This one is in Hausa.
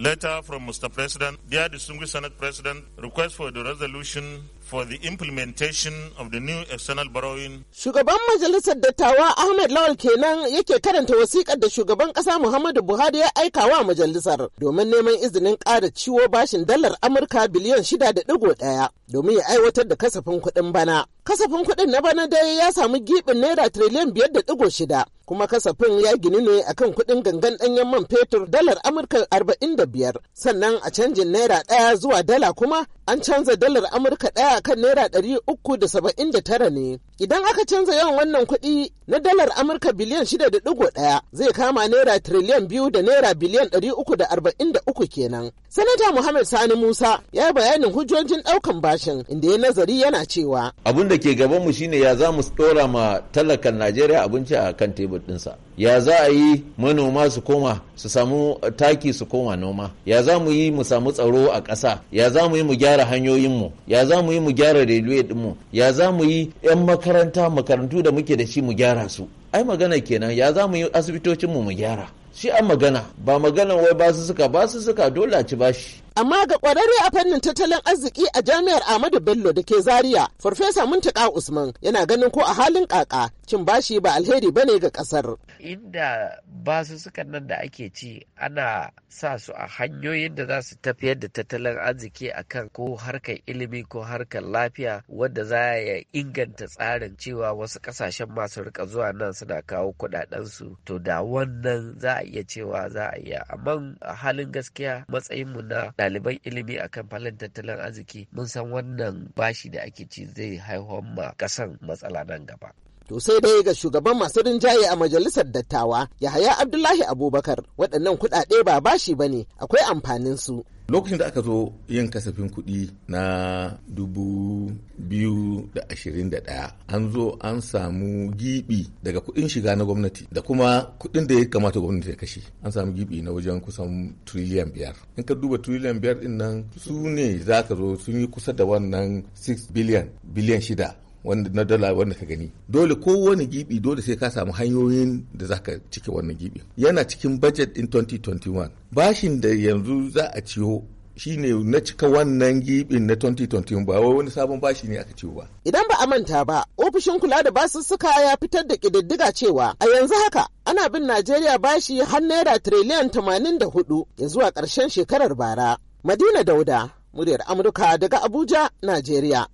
Letter from Mr. President, dear distinguished Senate President, request for the resolution for the implementation of the new external borrowing. Shugaban Majalisar Dattawa Ahmed Lawal kenan yake karanta wasikar da shugaban ƙasa Muhammadu Buhari ya aika wa majalisar domin neman izinin ƙara ciwo bashin dalar Amurka biliyan shida da ɗigo domin ya aiwatar da kasafin kuɗin bana. Kasafin kuɗin na bana dai ya samu gibin naira tiriliyan biyar da ɗigo shida kuma kasafin ya gini ne akan kuɗin gangan ɗanyen man fetur dalar amurka 45 sannan a canjin naira ɗaya zuwa dala kuma an canza dalar amurka ɗaya kan naira 379 ne idan aka canza yawan wannan kuɗi na dalar amurka biliyan 6.1 zai kama naira triliyan biyu da naira biliyan da 343 kenan sanata muhammad sani musa ya yi bayanin hujjojin ɗaukan bashin inda ya nazari yana cewa abin da ke mu shine ya za mu tsora ma talakan najeriya abinci a kan tebur ɗinsa ya za a yi manoma su koma su samu taki su koma noma ya za mu yi mu samu tsaro a ƙasa ya za mu yi mu gyara hanyoyinmu ya za mu yi mu gyara railway ɗinmu ya za mu yi 'yan makaranta makarantu da muke da shi mu gyara su ai magana kenan ya za mu yi asibitocinmu mu gyara shi an magana ba magana wai ba su suka ba su suka dole a ci bashi amma ga kwararre a fannin tattalin arziki a jami'ar Ahmadu Bello da ke Zaria, Farfesa Muntaka Usman yana ganin ko a halin kaka cin bashi ba alheri bane ga ƙasar. inda basu sukan nan da ake ci ana sa su a hanyoyin da za su tafiyar da tattalin arziki a kan ko harkar ilimi ko harkar lafiya wanda za ya inganta tsarin cewa wasu kasashen masu rika zuwa nan suna kawo kudadensu to da wannan za a iya cewa za a iya amma a halin gaskiya matsayinmu na ɗaliban ilimi a kan falin tattalin arziki mun san wannan bashi da ake ci zai haihuwar ma kasan matsala nan gaba To sai dai ga shugaban masu rinjaye a majalisar dattawa Yahaya Abdullahi Abubakar waɗannan kuɗaɗe ba bashi ba ne akwai amfanin su. Lokacin da aka zo yin kasafin kuɗi na dubu biyu da ashirin da ɗaya an zo an samu gibi daga kuɗin shiga na gwamnati da kuma kuɗin da ya kamata gwamnati ya kashe an samu gibi na wajen kusan triliyan biyar. In ka duba triliyan biyar ɗin nan su ne za ka zo sun yi kusa da wannan 6 biliyan biliyan shida wanda na dala wanda ka gani dole ko wani gibi dole sai ka samu hanyoyin da za ka cike wannan gibi yana cikin budget in 2021 bashin da yanzu za a ciyo shine na cika wannan gibin na 2021 ba wai wani sabon bashi ne aka ciwo ba. Idan ba a manta ba, ofishin kula da basussuka ya fitar da kididdiga cewa a yanzu haka ana bin Najeriya bashi har naira tiriliyan 84 ya zuwa karshen shekarar bara. Madina Dauda, muryar Amurka daga Abuja, Najeriya.